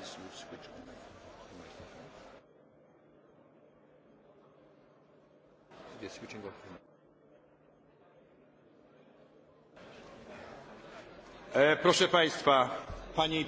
case you switch on the microphone. switching off Proszę Państwa, Pani